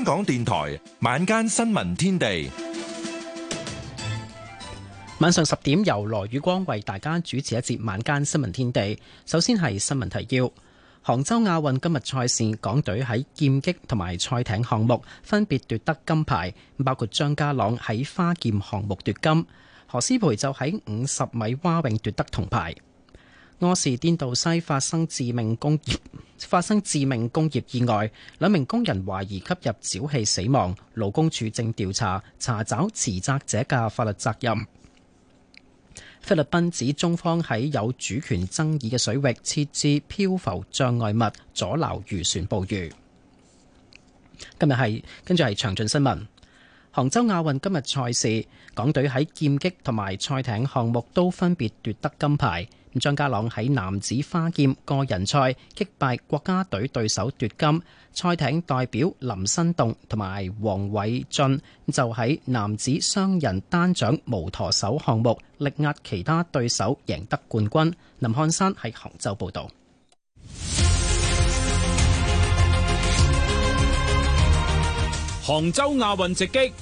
香港電台晚間新聞天地，晚上十點由羅宇光為大家主持一節晚間新聞天地。首先係新聞提要：杭州亞運今日賽事，港隊喺劍擊同埋賽艇項目分別奪得金牌，包括張家朗喺花劍項目奪金，何詩蓓就喺五十米蛙泳奪得銅牌。柯士甸道西發生致命工業發生致命工業意外，兩名工人懷疑吸入沼氣死亡。勞工處正調查，查找持責者嘅法律責任。菲律賓指中方喺有主權爭議嘅水域設置漂浮障礙物，阻撓漁船捕魚。今日係，跟住係詳盡新聞。杭州亞運今日賽事，港隊喺劍擊同埋賽艇項目都分別奪得金牌。張家朗喺男子花劍個人賽擊敗國家隊對手奪金，賽艇代表林新棟同埋王偉俊就喺男子雙人單槳無舵手項目力壓其他對手贏得冠軍。林漢山喺杭州報道。杭州亞運直擊。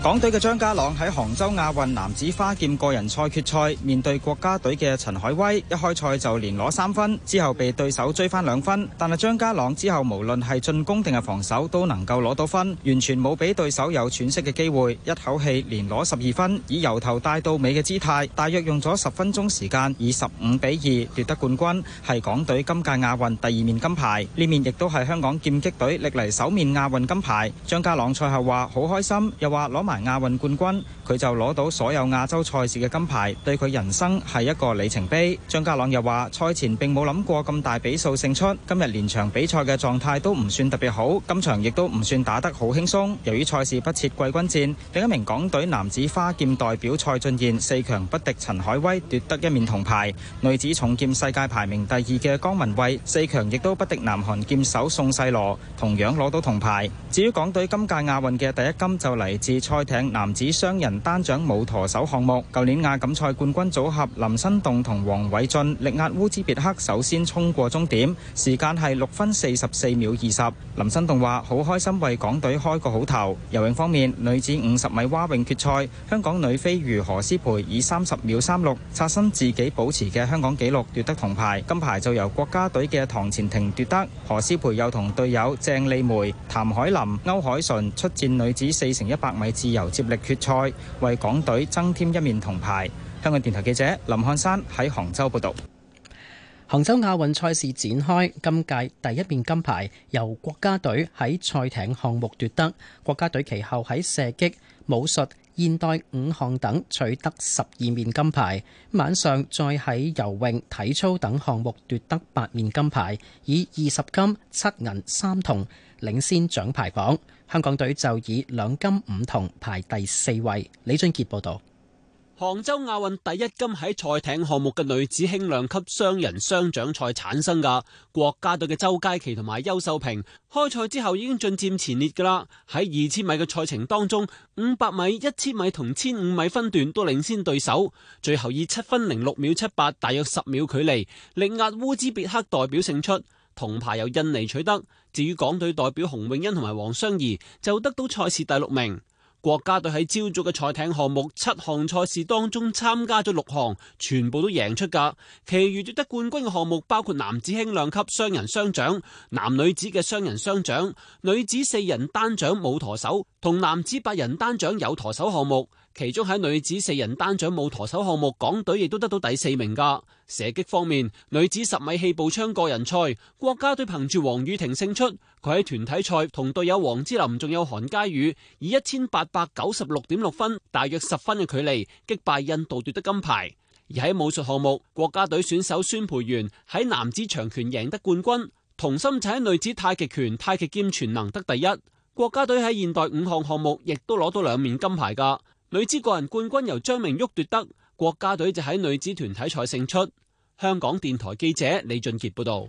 港隊嘅張家朗喺杭州亞運男子花劍個人賽決賽面對國家隊嘅陳海威，一開賽就連攞三分，之後被對手追翻兩分。但係張家朗之後無論係進攻定係防守都能夠攞到分，完全冇俾對手有喘息嘅機會，一口氣連攞十二分，以由頭帶到尾嘅姿態，大約用咗十分鐘時間，以十五比二奪得冠軍，係港隊今屆亞運第二面金牌，呢面亦都係香港劍擊隊歷嚟首面亞運金牌。張家朗賽後話好開心，又話攞。埋亞運冠軍。佢就攞到所有亞洲賽事嘅金牌，對佢人生係一個里程碑。張家朗又話賽前並冇諗過咁大比數勝出，今日連場比賽嘅狀態都唔算特別好，今場亦都唔算打得好輕鬆，由於賽事不設季軍戰，另一名港隊男子花劍代表蔡俊彥四強不敵陳海威，奪得一面銅牌。女子重劍世界排名第二嘅江文蔚四強亦都不敵南韓劍手宋世羅，同樣攞到銅牌。至於港隊今屆亞運嘅第一金就嚟自賽艇男子雙人單槳無舵手項目，舊年亞錦賽冠軍組合林新棟同黃偉俊力壓烏茲別克，首先衝過終點，時間係六分四十四秒二十。林新棟話：好開心為港隊開個好頭。游泳方面，女子五十米蛙泳決賽，香港女飛魚何詩蓓以三十秒三六刷新自己保持嘅香港紀錄，奪得銅牌。金牌就由國家隊嘅唐錢婷奪得。何詩蓓又同隊友鄭莉梅、譚海琳、歐鎧淳出戰女子四乘一百米自由接力決賽。為港隊增添一面銅牌。香港電台記者林漢山喺杭州報導。杭州亞運賽事展開，今屆第一面金牌由國家隊喺賽艇項目奪得。國家隊其後喺射擊、武術、現代五項等取得十二面金牌。晚上再喺游泳、體操等項目奪得八面金牌，以二十金、七銀、三銅，領先獎牌榜，香港隊就以兩金五銅排第四位。李俊杰報道。杭州亞運第一金喺賽艇項目嘅女子輕量級雙人雙槳賽產生噶。國家隊嘅周佳琪同埋邱秀平開賽之後已經進佔前列噶啦。喺二千米嘅賽程當中，五百米、一千米同千五米分段都領先對手，最後以七分零六秒七八，大約十秒距離力壓烏茲別克代表勝出，銅牌由印尼取得。至於港隊代表洪永恩同埋黃雙怡就得到賽事第六名。國家隊喺朝早嘅賽艇項目七項賽事當中參加咗六項，全部都贏出噶。其餘奪得冠軍嘅項目包括男子輕量級雙人雙槳、男女子嘅雙人雙槳、女子四人單槳冇舵手同男子八人單槳有舵手項目。其中喺女子四人單槳無舵手項目，港隊亦都得到第四名㗎。射擊方面，女子十米氣步槍個人賽，國家隊憑住黃雨婷勝出。佢喺團體賽同隊友王芝琳，仲有韓佳宇，以一千八百九十六點六分，大約十分嘅距離擊敗印度奪得金牌。而喺武術項目，國家隊選手孫培元喺男子長拳贏得冠軍，同心就喺女子太極拳太極劍全能得第一。國家隊喺現代五項項目亦都攞到兩面金牌㗎。女子個人冠軍由張明旭奪得，國家隊就喺女子團體賽勝出。香港電台記者李俊傑報道。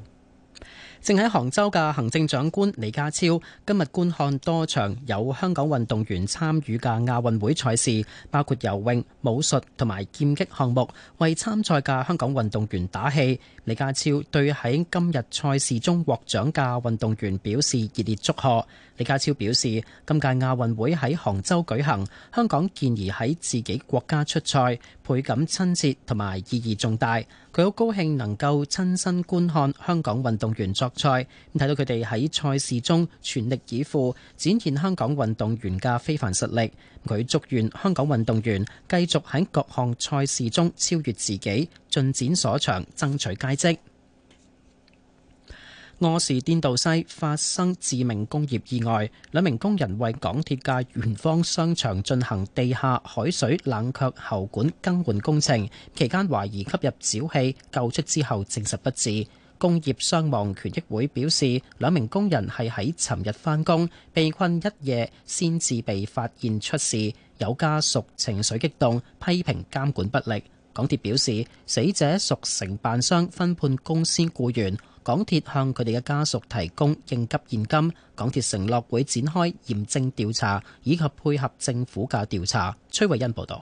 正喺杭州嘅行政長官李家超今日觀看多場有香港運動員參與嘅亞運會賽事，包括游泳、武術同埋劍擊項目，為參賽嘅香港運動員打氣，李家超對喺今日賽事中獲獎嘅運動員表示熱烈祝賀，李家超表示，今屆亞運會喺杭州舉行，香港健兒喺自己國家出賽倍感親切同埋意義重大。佢好高興能夠親身觀看香港運動員作賽，睇到佢哋喺賽事中全力以赴，展現香港運動員嘅非凡實力。佢祝願香港運動員繼續喺各項賽事中超越自己，盡展所長，爭取佳績。柯士甸道西發生致命工業意外，兩名工人為港鐵界圓方商場進行地下海水冷卻喉管更換工程，期間懷疑吸入沼氣，救出之後證實不治。工業傷亡權益會表示，兩名工人係喺尋日返工，被困一夜先至被發現出事，有家屬情緒激動，批評監管不力。港鐵表示，死者屬承辦商分判公司僱員，港鐵向佢哋嘅家屬提供應急現金，港鐵承諾會展開嚴正調查，以及配合政府嘅調查。崔慧欣報導。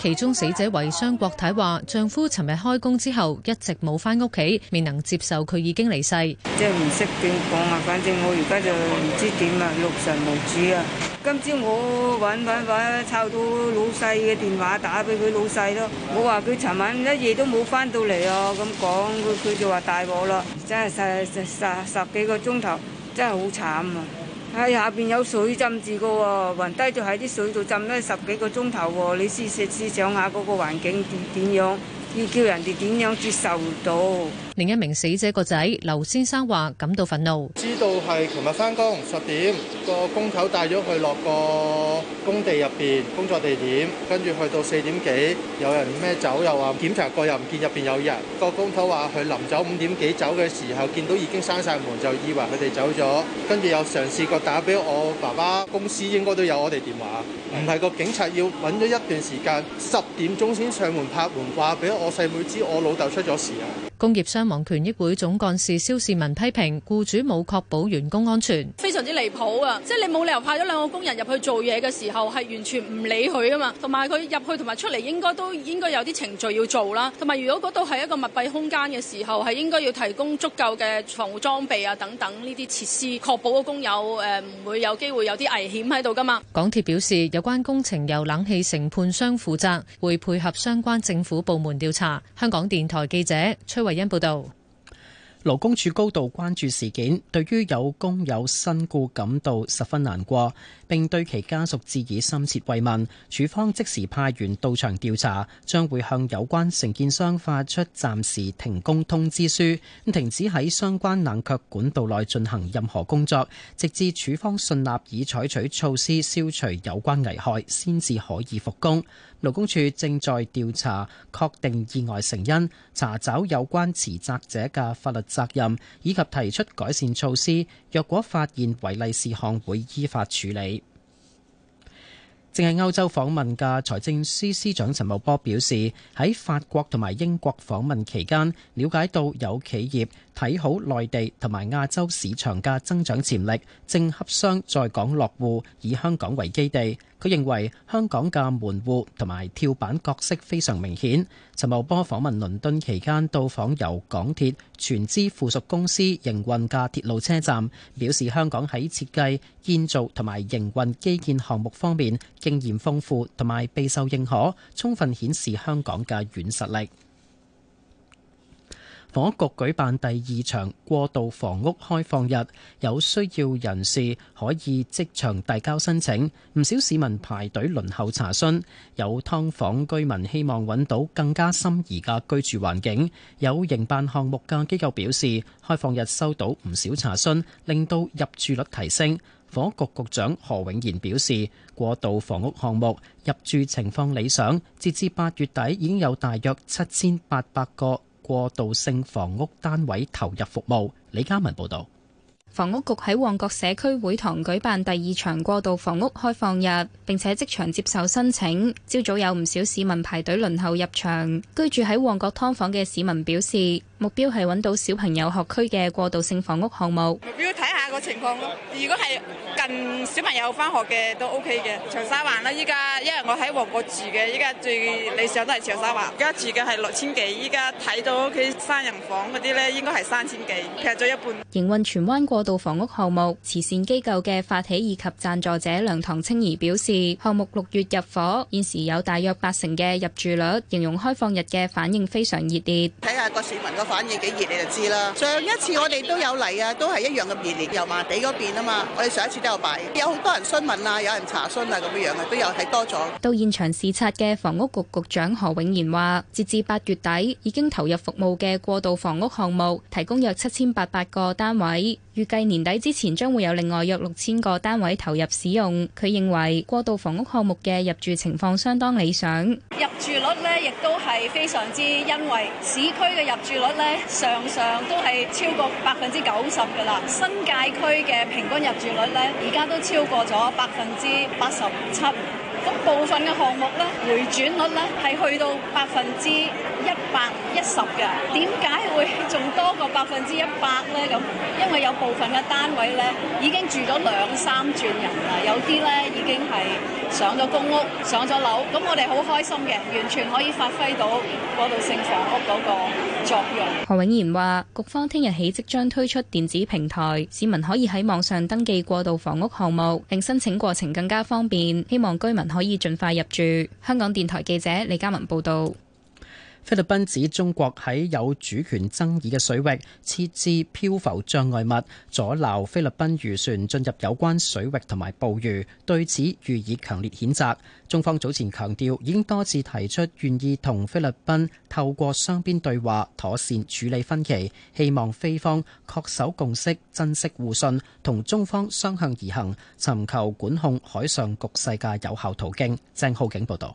其中死者為商國太話，丈夫尋日開工之後一直冇翻屋企，未能接受佢已經離世。即係唔識點講啊，反正我而家就唔知點啦，六神無主啊！今朝我搵搵搵湊到老細嘅電話，打俾佢老細咯。我話佢尋晚一夜都冇翻到嚟啊，咁講佢佢就話大鑊啦，真係十十十十幾個鐘頭，真係好慘啊！喺、哎、下邊有水浸住嘅喎，暈低就喺啲水度浸咗十幾個鐘頭喎，你試試試想下嗰個環境點樣，要叫人哋點樣接受到？另一名死者個仔劉先生話感到憤怒，知道係琴日翻工十點個工頭帶咗去落個工地入邊工作地點，跟住去到四點幾有人咩走又話檢查過又唔見入邊有人，個工頭話佢臨走五點幾走嘅時候見到已經閂晒門，就以為佢哋走咗。跟住又嘗試過打俾我爸爸，公司應該都有我哋電話，唔係個警察要揾咗一段時間十點鐘先上門拍門，話俾我細妹知我老豆出咗事啊。工業傷亡權益會總幹事蕭市民批評：僱主冇確保員工安全，非常之離譜啊！即係你冇理由派咗兩個工人入去做嘢嘅時候，係完全唔理佢啊嘛。同埋佢入去同埋出嚟應該都應該有啲程序要做啦。同埋如果嗰度係一個密閉空間嘅時候，係應該要提供足夠嘅防護裝備啊等等呢啲設施，確保個工友誒唔會有機會有啲危險喺度噶嘛。港鐵表示，有關工程由冷氣承判商負責，會配合相關政府部門調查。香港電台記者崔維恩報道。勞工處高度關注事件，對於有工友身故感到十分難過，並對其家屬致以深切慰問。處方即時派員到場調查，將會向有關承建商發出暫時停工通知書，停止喺相關冷卻管道內進行任何工作，直至處方信納已採取措施消除有關危害，先至可以復工。勞工處正在調查，確定意外成因，查找有關遲責者嘅法律責任以及提出改善措施。若果發現違例事項，會依法處理。正喺歐洲訪問嘅財政司司長陳茂波表示，喺法國同埋英國訪問期間，了解到有企業睇好內地同埋亞洲市場嘅增長潛力，正洽商在港落戶，以香港為基地。佢認為香港嘅門戶同埋跳板角色非常明顯。陳茂波訪問倫敦期間，到訪由港鐵全資附屬公司營運嘅鐵路車站，表示香港喺設計、建造同埋營運基建項目方面經驗豐富同埋備受認可，充分顯示香港嘅軟實力。房屋局舉辦第二場過渡房屋開放日，有需要人士可以即場遞交申請。唔少市民排隊輪候查詢，有劏房居民希望揾到更加心儀嘅居住環境。有營辦項目嘅機構表示，開放日收到唔少查詢，令到入住率提升。房屋局局長何永賢表示，過渡房屋項目入住情況理想，截至八月底已經有大約七千八百個。過渡性房屋單位投入服務。李嘉文報道，房屋局喺旺角社區會堂舉辦第二場過渡房屋開放日，並且即場接受申請。朝早有唔少市民排隊輪候入場。居住喺旺角劏房嘅市民表示，目標係揾到小朋友學區嘅過渡性房屋項目。目情況咯，如果係近小朋友返學嘅都 OK 嘅，長沙灣啦。依家因為我喺旺角住嘅，依家最理想都係長沙灣。而家住嘅係六千幾，依家睇到屋企三人房嗰啲咧，應該係三千幾，劈咗一半。營運荃灣過渡房屋項目慈善機構嘅發起以及贊助者梁唐青儀表示，項目六月入伙，現時有大約八成嘅入住率，形容開放日嘅反應非常熱烈。睇下各市民個反應幾熱烈就知啦。上一次我哋都有嚟啊，都係一樣嘅熱烈麻地嗰邊啊嘛，我哋上一次都有擺，有好多人詢問啊，有人查詢啊，咁嘅樣嘅都有係多咗。到現場視察嘅房屋局局長何永賢話，截至八月底，已經投入服務嘅過渡房屋項目，提供約七千八百個單位。預計年底之前將會有另外約六千個單位投入使用。佢認為過渡房屋項目嘅入住情況相當理想，入住率呢亦都係非常之，因為市區嘅入住率呢，常常都係超過百分之九十㗎啦，新界區嘅平均入住率呢，而家都超過咗百分之八十七。部分嘅項目咧，回轉率咧係去到百分之一百一十嘅。點解會仲多過百分之一百咧？咁因為有部分嘅單位咧已經住咗兩三轉人啦，有啲咧已經係上咗公屋、上咗樓。咁我哋好開心嘅，完全可以發揮到過渡性房屋嗰個作用。何永賢話：局方聽日起即將推出電子平台，市民可以喺網上登記過渡房屋項目，令申請過程更加方便。希望居民可可以盡快入住。香港電台記者李嘉文報道。菲律賓指中國喺有主權爭議嘅水域設置漂浮障礙物，阻撓菲律賓漁船進入有關水域同埋捕魚，對此予以強烈譴責。中方早前強調，已經多次提出願意同菲律賓透過雙邊對話妥善處理分歧，希望菲方恪守共識，珍惜互信，同中方相向而行，尋求管控海上局勢嘅有效途徑。鄭浩景報導。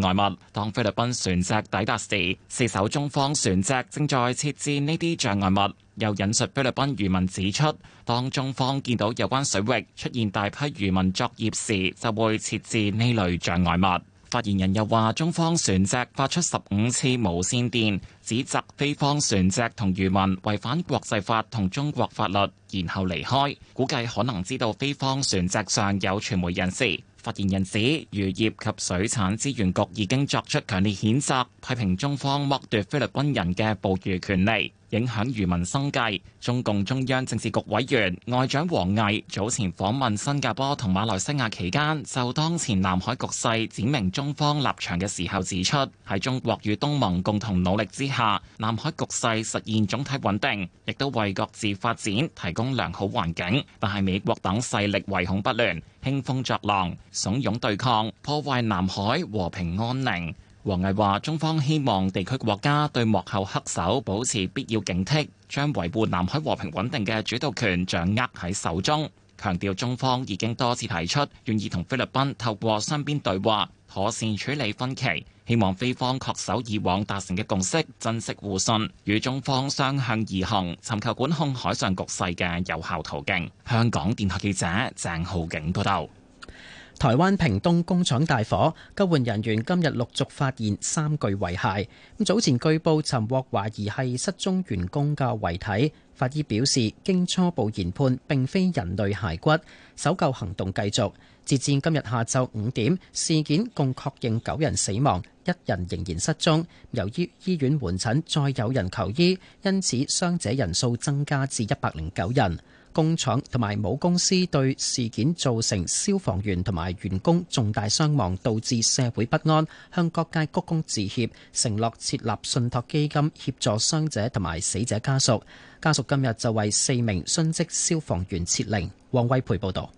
障礙物。當菲律賓船隻抵達時，四艘中方船隻正在設置呢啲障礙物。又引述菲律賓漁民指出，當中方見到有關水域出現大批漁民作業時，就會設置呢類障礙物。發言人又話，中方船隻發出十五次無線電，指責菲方船隻同漁民違反國際法同中國法律，然後離開。估計可能知道菲方船隻上有傳媒人士。發言人指，漁業及水產資源局已經作出強烈譴責，批評中方剝奪菲律賓人嘅捕魚權利。影響漁民生計。中共中央政治局委員外長王毅早前訪問新加坡同馬來西亞期間，就當前南海局勢闡明中方立場嘅時候指出，喺中國與東盟共同努力之下，南海局勢實現總體穩定，亦都為各自發展提供良好環境。但係美國等勢力唯恐不亂，興風作浪，慫恿對抗，破壞南海和平安寧。王毅話：中方希望地區國家對幕後黑手保持必要警惕，將維護南海和平穩定嘅主導權掌握喺手中。強調中方已經多次提出，願意同菲律賓透過雙邊對話妥善處理分歧，希望菲方恪守以往達成嘅共識，珍惜互信，與中方相向而行，尋求管控海上局勢嘅有效途徑。香港電台記者鄭浩景報道。多多台灣屏東工廠大火，救援人員今日陸續發現三具遺骸。早前據報尋獲懷疑係失蹤員工嘅遺體，法醫表示經初步研判並非人類骸骨。搜救行動繼續，截至今日下晝五點，事件共確認九人死亡，一人仍然失蹤。由於醫院門診，再有人求醫，因此傷者人數增加至一百零九人。工廠同埋母公司對事件造成消防員同埋員工重大傷亡，導致社會不安，向各界鞠躬致歉，承諾設立信託基金協助傷者同埋死者家屬。家屬今日就為四名殉職消防員設靈。王威培報道：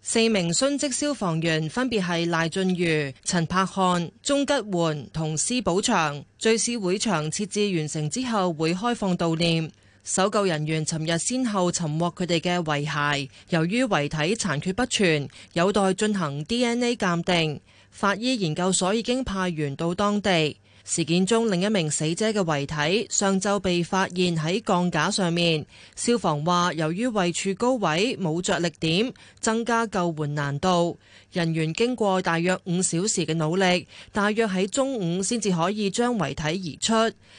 四名殉職消防員分別係賴俊如、陳柏漢、鍾吉媛、同施寶祥。聚事會場設置完成之後，會開放悼念。搜救人員尋日先後尋獲佢哋嘅遺骸，由於遺體殘缺不全，有待進行 DNA 鑑定。法醫研究所已經派員到當地。事件中另一名死者嘅遺體上晝被發現喺鋼架上面，消防話由於位處高位冇着力點，增加救援難度。人員經過大約五小時嘅努力，大約喺中午先至可以將遺體移出。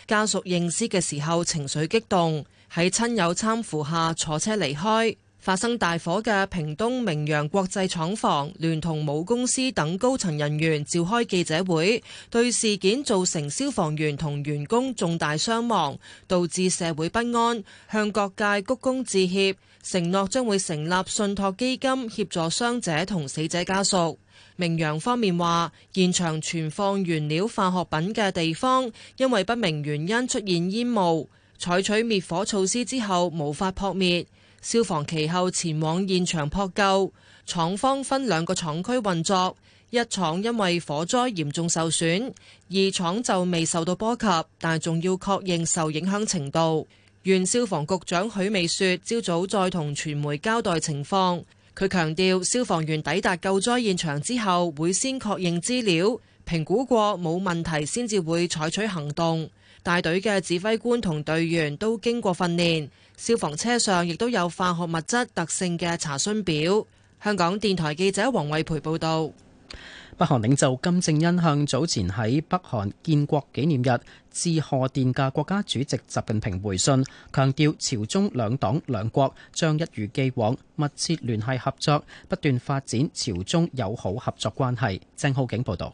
家屬認屍嘅時候情緒激動，喺親友攙扶下坐車離開。發生大火嘅屏東明揚國際廠房，聯同母公司等高層人員召開記者會，對事件造成消防員同員工重大傷亡，導致社會不安，向各界鞠躬致歉，承諾將會成立信託基金協助傷者同死者家屬。明揚方面話，現場存放原料化學品嘅地方因為不明原因出現煙霧，採取滅火措施之後無法撲滅。消防其後前往現場撲救。廠方分兩個廠區運作，一廠因為火災嚴重受損，二廠就未受到波及，但仲要確認受影響程度。原消防局長許美雪，朝早再同傳媒交代情況。佢強調，消防員抵達救災現場之後，會先確認資料，評估過冇問題先至會採取行動。大隊嘅指揮官同隊員都經過訓練。消防車上亦都有化學物質特性嘅查詢表。香港電台記者黃慧培報道。北韓領袖金正恩向早前喺北韓建國紀念日致賀電嘅國家主席習近平回信，強調朝中兩黨兩國將一如既往密切聯繫合作，不斷發展朝中友好合作關係，鄭浩景報道。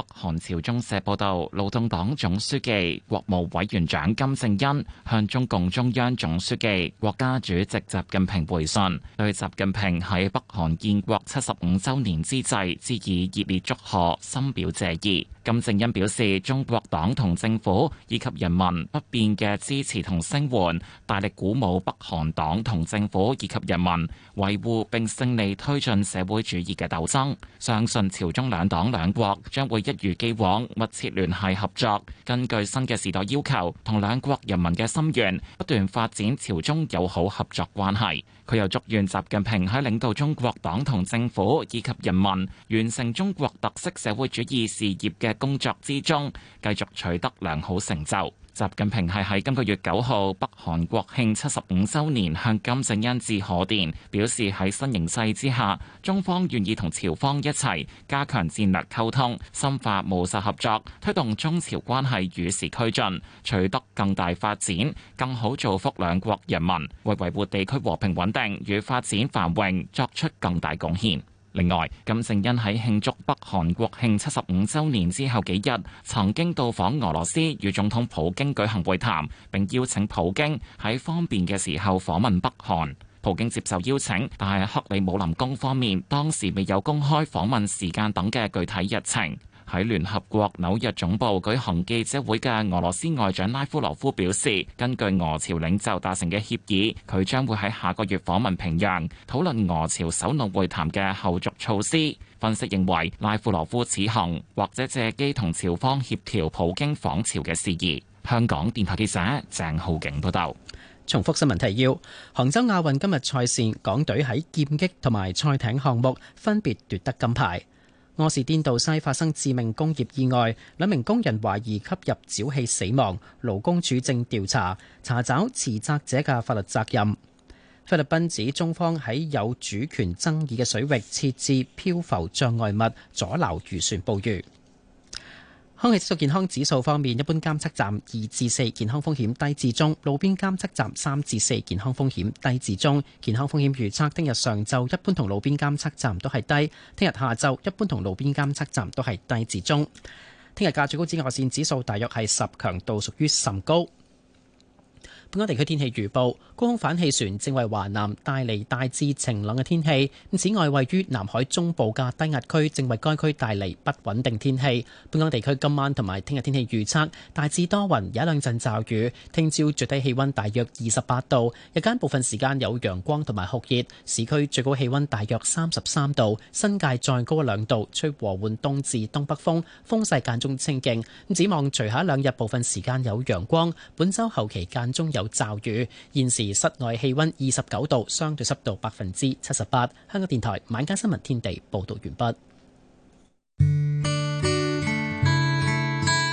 北韓朝中社報道，勞動黨總書記、國務委員長金正恩向中共中央總書記、國家主席習近平回信，對習近平喺北韓建國七十五周年之際致以熱烈祝賀，深表謝意。金正恩表示，中國黨同政府以及人民不變嘅支持同聲援，大力鼓舞北韓黨同政府以及人民維護並勝利推進社會主義嘅鬥爭，相信朝中兩黨兩國將會一如既往密切聯繫合作，根據新嘅時代要求同兩國人民嘅心願不斷發展朝中友好合作關係。佢又祝願習近平喺領導中國黨同政府以及人民完成中國特色社會主義事業嘅工作之中，繼續取得良好成就。習近平係喺今個月九號北韓國慶七十五周年向金正恩致賀電，表示喺新形勢之下，中方願意同朝方一齊加強戰略溝通，深化務實合作，推動中朝關係與時俱進，取得更大發展，更好造福兩國人民，為維護地區和平穩定與發展繁榮作出更大貢獻。另外，金正恩喺慶祝北韓國慶七十五週年之後幾日，曾經到訪俄羅斯，與總統普京舉行會談，並邀請普京喺方便嘅時候訪問北韓。普京接受邀請，但係克里姆林宮方面當時未有公開訪問時間等嘅具體日程。喺聯合國紐約總部舉行記者會嘅俄羅斯外長拉夫羅夫表示，根據俄朝領袖達成嘅協議，佢將會喺下個月訪問平壤，討論俄朝首腦會談嘅後續措施。分析認為，拉夫羅夫此行或者借機同朝方協調普京訪朝嘅事宜。香港電台記者鄭浩景報道。重複新聞提要：杭州亞運今日賽事，港隊喺劍擊同埋賽艇項目分別奪得金牌。柯士甸道西發生致命工業意外，兩名工人懷疑吸入沼氣死亡，勞工處正調查，查找持責者嘅法律責任。菲律賓指中方喺有主權爭議嘅水域設置漂浮障礙物，阻撓漁船捕魚。空氣質素健康指數方面，一般監測站二至四，健康風險低至中；路邊監測站三至四，健康風險低至中。健康風險預測，聽日上晝一般同路邊監測站都係低；聽日下晝一般同路邊監測站都係低至中。聽日嘅最高紫外線指數大約係十，強度屬於甚高。本港地區天氣預報，高空反氣旋，正為華南帶嚟大致晴朗嘅天氣，此外，位於南海中部嘅低壓區正為該區帶嚟不穩定天氣。本港地區今晚同埋聽日天氣預測，大致多雲，有一兩陣驟雨。聽朝最低氣溫大約二十八度，日間部分時間有陽光同埋酷熱，市區最高氣溫大約三十三度，新界再高兩度。吹和緩東至東北風，風勢間中清勁，指望隨後一兩日部分時間有陽光。本周後期間中有有驟雨，現時室內氣温二十九度，相對濕度百分之七十八。香港電台晚間新聞天地報道完畢。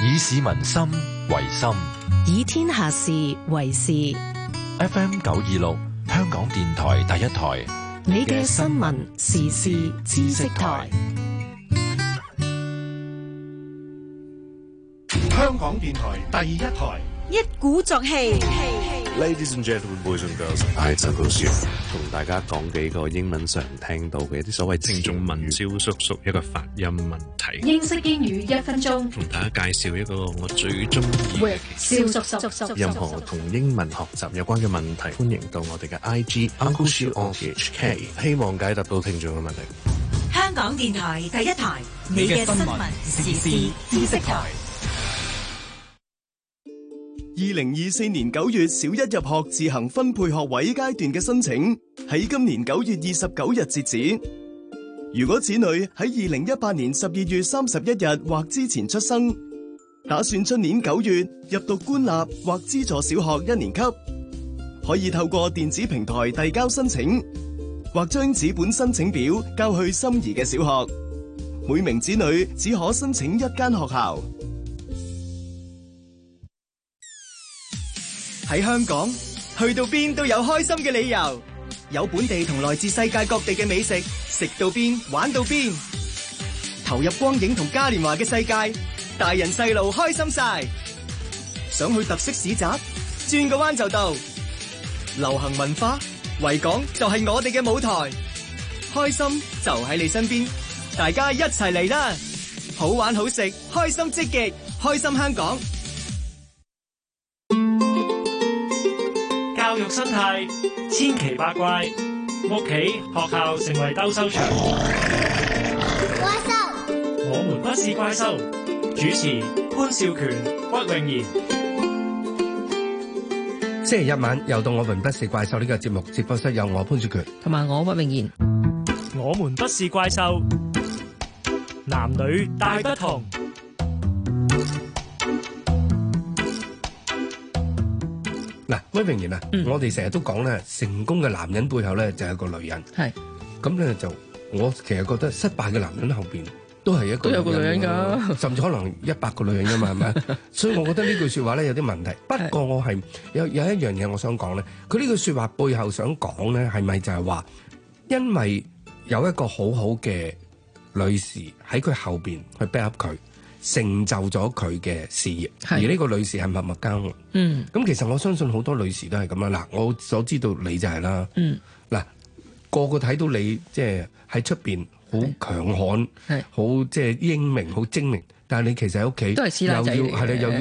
以市民心為心，以天下事為事。FM 九二六，香港電台第一台。你嘅新聞時事知識台，香港電台第一台。一鼓作氣。嘿嘿 Ladies and gentlemen, boys and girls，係陳老師同大家講幾個英文常聽到嘅一啲所謂正宗文蕭 叔叔一個發音問題。英式英語一分鐘，同大家介紹一個我最中意嘅蕭叔叔。任何同英文學習有關嘅問題，歡迎到我哋嘅 IG Uncle Siu of HK，希望解答到聽眾嘅問題。香港電台第一台，你嘅新聞時事知識台。二零二四年九月小一入學自行分配學位階段嘅申請，喺今年九月二十九日截止。如果子女喺二零一八年十二月三十一日或之前出生，打算出年九月入讀官立或資助小學一年級，可以透過電子平台遞交申請，或將紙本申請表交去心儀嘅小學。每名子女只可申請一間學校。喺香港，去到邊都有開心嘅理由，有本地同來自世界各地嘅美食，食到邊玩到邊，投入光影同嘉年華嘅世界，大人細路開心晒。想去特色市集，轉個彎就到。流行文化，維港就係我哋嘅舞台，開心就喺你身邊，大家一齊嚟啦！好玩好食，開心積極，開心香港。教育生態千奇百怪，屋企學校成為鬥獸場。怪獸宿，我們不是怪獸。主持潘少權、屈穎妍。星期一晚又到我們不是怪獸呢、這個節目,節目,節目，直播室有我潘少權同埋我屈穎妍。我們不是怪獸，男女大不同。嗱，威明然啊，嗯、我哋成日都講咧，成功嘅男人背後咧就係、是、個女人，係咁咧就，我其實覺得失敗嘅男人後邊都係一個女人，都有個女人甚至可能一百個女人噶嘛，係咪？ 所以我覺得句呢句說話咧有啲問題。不過我係有有一樣嘢我想講咧，佢呢是句說話背後想講咧係咪就係話，因為有一個好好嘅女士喺佢後邊去 back up 佢。成就咗佢嘅事業，而呢個女士係默默耕耘。嗯，咁其實我相信好多女士都係咁啦。嗱，我所知道你就係啦。嗯，嗱，個個睇到你即係喺出邊好強悍，係好即係英明，好精明。但係你其實喺屋企，都又要係啦，的又要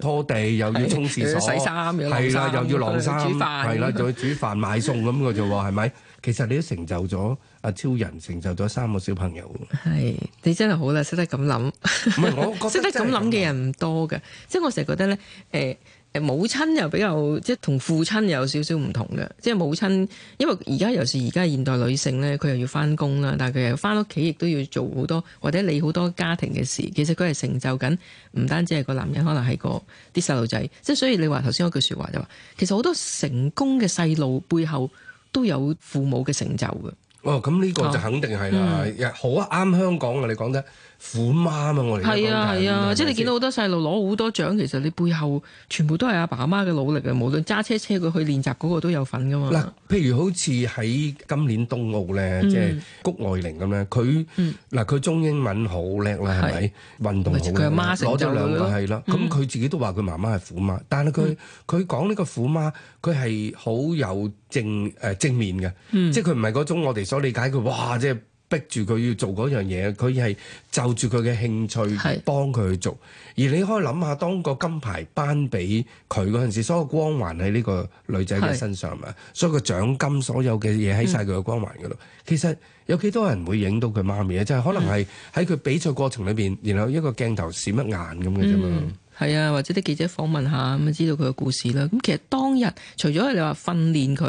拖地， 又要沖廁所、洗衫，係啦，又要晾衫，係啦， 又要煮飯、 買餸咁嘅啫喎，係咪？其實你都成就咗阿超人，成就咗三個小朋友。係， 你真係好啦，識得咁諗。唔 係，我覺得識得咁諗嘅人唔多嘅，即係我成日覺得咧，誒。母親又比較即係同父親有少少唔同嘅，即係母親，因為而家尤其是而家現代女性咧，佢又要翻工啦，但係佢又翻屋企亦都要做好多或者理好多家庭嘅事。其實佢係成就緊，唔單止係個男人，可能係個啲細路仔。即係所以你話頭先嗰句説話就話，其實好多成功嘅細路背後都有父母嘅成就㗎。哦，咁呢個就肯定係啦，又好啱香港嘅，你講得。虎媽嘛，我哋係啊係啊，啊是是即係你見到好多細路攞好多獎，其實你背後全部都係阿爸阿媽嘅努力啊！無論揸車車佢去練習嗰個都有份噶嘛。嗱，譬如好似喺今年冬奧咧，嗯、即係谷愛玲咁樣，佢嗱佢中英文好叻啦，係咪是運動佢阿媽攞咗兩個係咯？咁佢、嗯、自己都話佢媽媽係虎媽，但係佢佢講呢個虎媽，佢係好有正誒、呃、正面嘅，嗯、即係佢唔係嗰種我哋所理解佢哇！即係。逼住佢要做嗰樣嘢，佢係就住佢嘅興趣而幫佢去做。是而你可以諗下，當個金牌頒俾佢嗰陣時，所有光環喺呢個女仔嘅身上啊，是所、所有嘅獎金、所有嘅嘢，喺晒佢嘅光環度，其實有幾多人會影到佢媽咪啊，就係可能係喺佢比賽過程裏邊，然後一個鏡頭閃一眼咁嘅啫嘛。係、嗯、啊，或者啲記者訪問下咁啊，就知道佢嘅故事啦。咁其實當日除咗你話訓練佢。